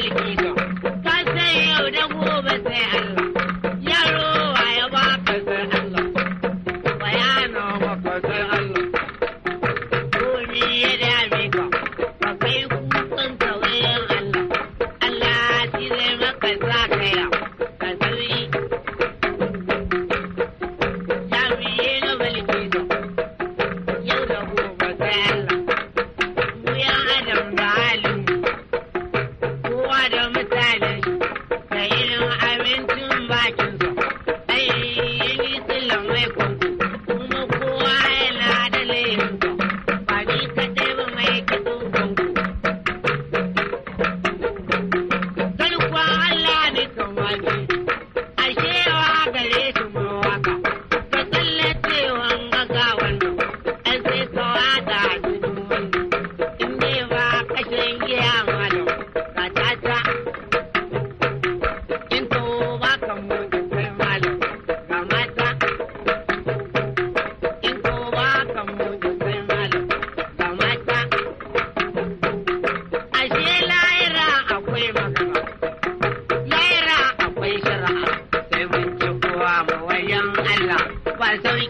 America. don't. I'll